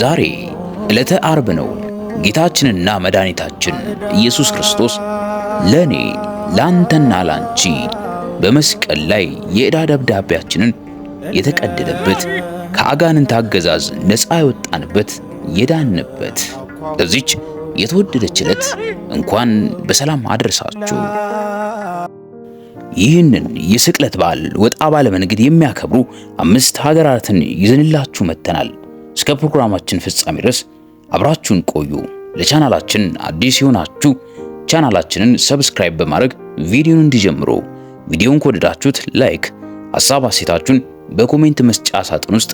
ዛሬ ዕለተ አርብ ነው። ጌታችንና መድኃኒታችን ኢየሱስ ክርስቶስ ለእኔ ላንተና ላንቺ በመስቀል ላይ የዕዳ ደብዳቤያችንን የተቀደደበት ከአጋንንት አገዛዝ ነፃ የወጣንበት የዳንበት። ለዚች የተወደደች ዕለት እንኳን በሰላም አደረሳችሁ። ይህንን የስቅለት በዓል ወጣ ባለ መንገድ የሚያከብሩ አምስት ሀገራትን ይዘንላችሁ መጥተናል። እስከ ፕሮግራማችን ፍጻሜ ድረስ አብራችሁን ቆዩ። ለቻናላችን አዲስ የሆናችሁ ቻናላችንን ሰብስክራይብ በማድረግ ቪዲዮን እንዲጀምሩ፣ ቪዲዮን ከወደዳችሁት ላይክ፣ ሀሳብ አስተያየታችሁን በኮሜንት መስጫ ሳጥን ውስጥ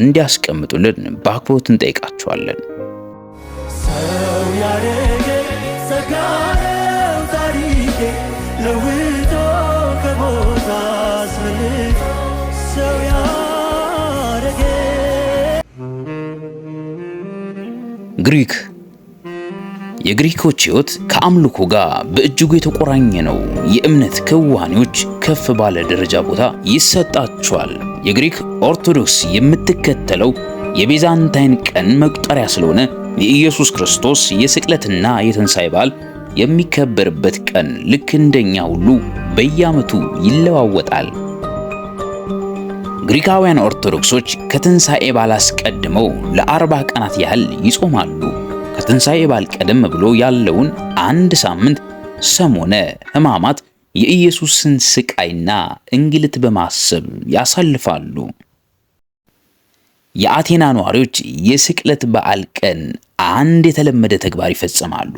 እንዲያስቀምጡልን በአክብሮት እንጠይቃችኋለን። ግሪክ የግሪኮች ሕይወት ከአምልኮ ጋር በእጅጉ የተቆራኘ ነው። የእምነት ክዋኔዎች ከፍ ባለ ደረጃ ቦታ ይሰጣቸዋል። የግሪክ ኦርቶዶክስ የምትከተለው የቤዛንታይን ቀን መቁጠሪያ ስለሆነ የኢየሱስ ክርስቶስ የስቅለትና የትንሣኤ በዓል የሚከበርበት ቀን ልክ እንደኛ ሁሉ በየዓመቱ ይለዋወጣል። ግሪካውያን ኦርቶዶክሶች ከትንሣኤ በዓል አስቀድመው ለአርባ ቀናት ያህል ይጾማሉ። ከትንሣኤ በዓል ቀደም ብሎ ያለውን አንድ ሳምንት ሰሞነ ሕማማት የኢየሱስን ስቃይና እንግልት በማሰብ ያሳልፋሉ። የአቴና ነዋሪዎች የስቅለት በዓል ቀን አንድ የተለመደ ተግባር ይፈጽማሉ።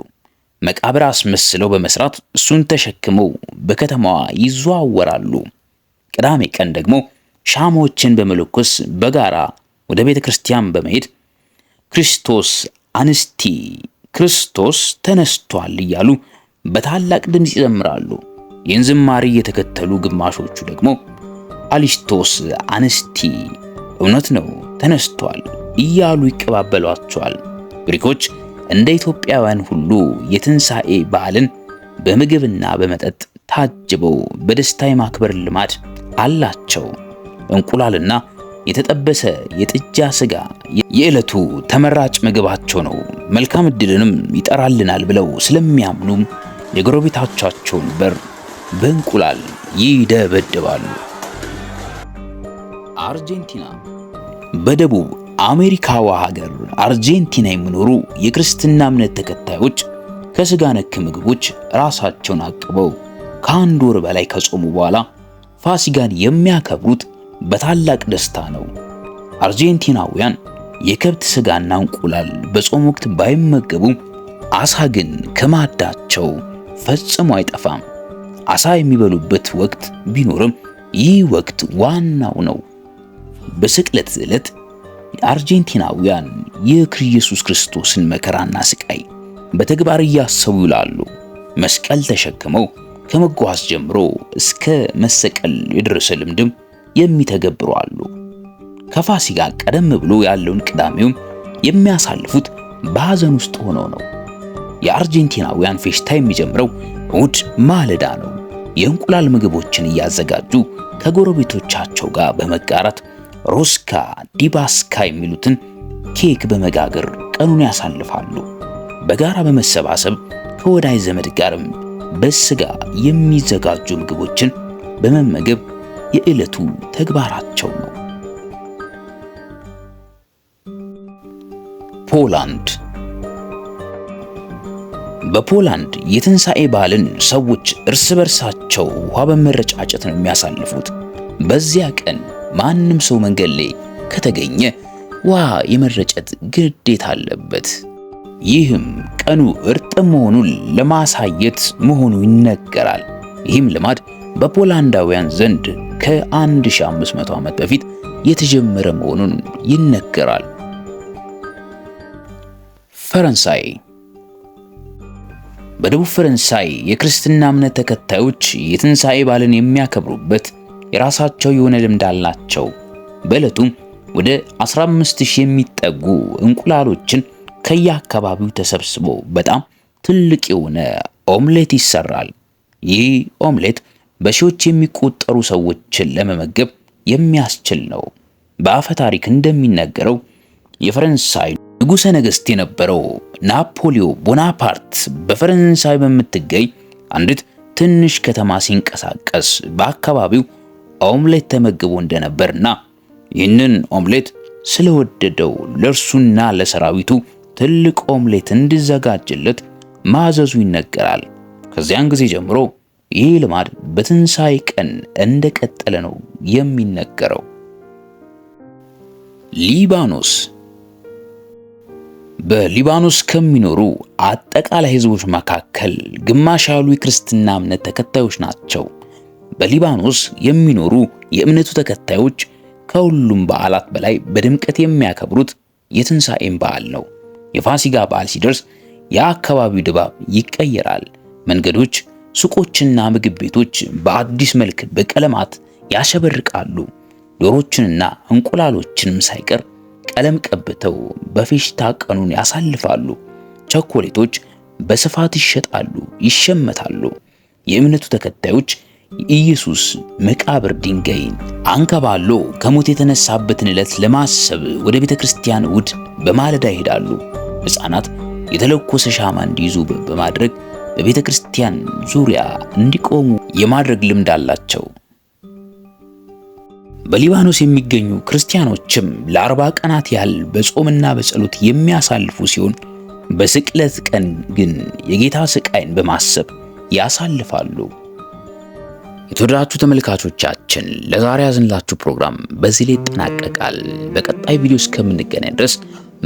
መቃብር አስመስለው በመስራት እሱን ተሸክመው በከተማዋ ይዘዋወራሉ። ቅዳሜ ቀን ደግሞ ሻሞችን በመለኮስ በጋራ ወደ ቤተ ክርስቲያን በመሄድ ክርስቶስ አንስቲ ክርስቶስ ተነስቷል እያሉ በታላቅ ድምፅ ይዘምራሉ። ይህን ዝማሪ የተከተሉ ግማሾቹ ደግሞ አሊስቶስ አንስቲ እውነት ነው ተነስቷል እያሉ ይቀባበሏቸዋል። ግሪኮች እንደ ኢትዮጵያውያን ሁሉ የትንሣኤ በዓልን በምግብና በመጠጥ ታጅበው በደስታ የማክበር ልማድ አላቸው። እንቁላልና የተጠበሰ የጥጃ ስጋ የዕለቱ ተመራጭ ምግባቸው ነው። መልካም እድልንም ይጠራልናል ብለው ስለሚያምኑም የጎረቤቶቻቸውን በር በእንቁላል ይደበድባሉ። አርጀንቲና በደቡብ አሜሪካዋ ሀገር አርጀንቲና የሚኖሩ የክርስትና እምነት ተከታዮች ከስጋ ነክ ምግቦች ራሳቸውን አቅበው ከአንድ ወር በላይ ከጾሙ በኋላ ፋሲጋን የሚያከብሩት በታላቅ ደስታ ነው። አርጀንቲናውያን የከብት ስጋና እንቁላል በጾም ወቅት ባይመገቡ አሳ ግን ከማዳቸው ፈጽሞ አይጠፋም። አሳ የሚበሉበት ወቅት ቢኖርም ይህ ወቅት ዋናው ነው። በስቅለት ዕለት አርጀንቲናውያን የኢየሱስ ክርስቶስን መከራና ስቃይ በተግባር እያሰቡ ይውላሉ። መስቀል ተሸክመው ከመጓዝ ጀምሮ እስከ መሰቀል የደረሰ ልምድም የሚተገብሩ አሉ። ከፋሲካ ቀደም ብሎ ያለውን ቅዳሜውም የሚያሳልፉት በሐዘን ውስጥ ሆነው ነው። የአርጀንቲናውያን ፌሽታ የሚጀምረው እሁድ ማለዳ ነው። የእንቁላል ምግቦችን እያዘጋጁ ከጎረቤቶቻቸው ጋር በመጋራት ሮስካ ዲባስካ የሚሉትን ኬክ በመጋገር ቀኑን ያሳልፋሉ። በጋራ በመሰባሰብ ከወዳጅ ዘመድ ጋርም በስጋ የሚዘጋጁ ምግቦችን በመመገብ የዕለቱ ተግባራቸው ነው። ፖላንድ በፖላንድ የትንሣኤ በዓልን ሰዎች እርስ በርሳቸው ውሃ በመረጫጨት ነው የሚያሳልፉት። በዚያ ቀን ማንም ሰው መንገድ ላይ ከተገኘ ውሃ የመረጨት ግዴታ አለበት። ይህም ቀኑ እርጥብ መሆኑን ለማሳየት መሆኑ ይነገራል። ይህም ልማድ በፖላንዳውያን ዘንድ ከ1500 ዓመት በፊት የተጀመረ መሆኑን ይነገራል። ፈረንሳይ በደቡብ ፈረንሳይ የክርስትና እምነት ተከታዮች የትንሣኤ በዓልን የሚያከብሩበት የራሳቸው የሆነ ልምድ አላቸው። በእለቱም ወደ 15000 የሚጠጉ እንቁላሎችን ከየአካባቢው ተሰብስቦ በጣም ትልቅ የሆነ ኦምሌት ይሰራል። ይህ ኦምሌት በሺዎች የሚቆጠሩ ሰዎችን ለመመገብ የሚያስችል ነው። በአፈ ታሪክ እንደሚነገረው የፈረንሳይ ንጉሠ ነገሥት የነበረው ናፖሊዮ ቦናፓርት በፈረንሳይ በምትገኝ አንዲት ትንሽ ከተማ ሲንቀሳቀስ በአካባቢው ኦምሌት ተመግቦ እንደነበርና ይህንን ኦምሌት ስለወደደው ለእርሱና ለሰራዊቱ ትልቅ ኦምሌት እንዲዘጋጅለት ማዘዙ ይነገራል። ከዚያን ጊዜ ጀምሮ ይህ ልማድ በትንሣኤ ቀን እንደቀጠለ ነው የሚነገረው። ሊባኖስ በሊባኖስ ከሚኖሩ አጠቃላይ ህዝቦች መካከል ግማሽ ያሉ የክርስትና እምነት ተከታዮች ናቸው። በሊባኖስ የሚኖሩ የእምነቱ ተከታዮች ከሁሉም በዓላት በላይ በድምቀት የሚያከብሩት የትንሣኤን በዓል ነው። የፋሲጋ በዓል ሲደርስ የአካባቢው ድባብ ይቀየራል። መንገዶች ሱቆችና ምግብ ቤቶች በአዲስ መልክ በቀለማት ያሸበርቃሉ። ዶሮችንና እንቁላሎችንም ሳይቀር ቀለም ቀብተው በፌሽታ ቀኑን ያሳልፋሉ። ቸኮሌቶች በስፋት ይሸጣሉ፣ ይሸመታሉ። የእምነቱ ተከታዮች የኢየሱስ መቃብር ድንጋይን አንከባሎ ከሞት የተነሳበትን ዕለት ለማሰብ ወደ ቤተ ክርስቲያን እሑድ በማለዳ ይሄዳሉ። ሕፃናት የተለኮሰ ሻማ እንዲይዙ በማድረግ በቤተ ክርስቲያን ዙሪያ እንዲቆሙ የማድረግ ልምድ አላቸው። በሊባኖስ የሚገኙ ክርስቲያኖችም ለአርባ ቀናት ያህል በጾምና በጸሎት የሚያሳልፉ ሲሆን በስቅለት ቀን ግን የጌታ ስቃይን በማሰብ ያሳልፋሉ። የተወደዳችሁ ተመልካቾቻችን ለዛሬ ያዝንላችሁ ፕሮግራም በዚህ ላይ ይጠናቀቃል። በቀጣይ ቪዲዮ እስከምንገናኝ ድረስ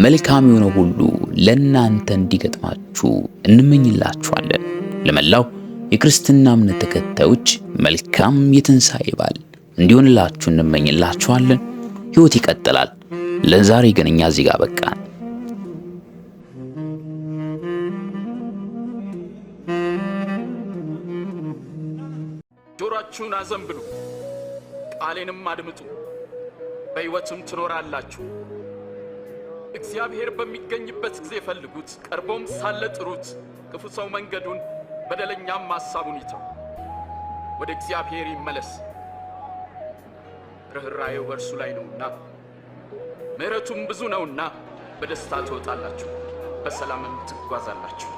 መልካም የሆነ ሁሉ ለእናንተ እንዲገጥማችሁ እንመኝላችኋለን። ለመላው የክርስትና እምነት ተከታዮች መልካም የትንሣኤ በዓል እንዲሆንላችሁ እንመኝላችኋለን። ሕይወት ይቀጥላል። ለዛሬ ግን እኛ እዚህ ጋር በቃን። ጆሮአችሁን አዘንብሉ፣ ቃሌንም አድምጡ፣ በሕይወትም ትኖራላችሁ። እግዚአብሔር በሚገኝበት ጊዜ ፈልጉት፣ ቀርቦም ሳለ ጥሩት። ክፉ ሰው መንገዱን በደለኛም ሐሳቡን ይተው፣ ወደ እግዚአብሔር ይመለስ፣ ርኅራዬው በእርሱ ላይ ነውና ምሕረቱም ብዙ ነውና። በደስታ ትወጣላችሁ፣ በሰላምም ትጓዛላችሁ።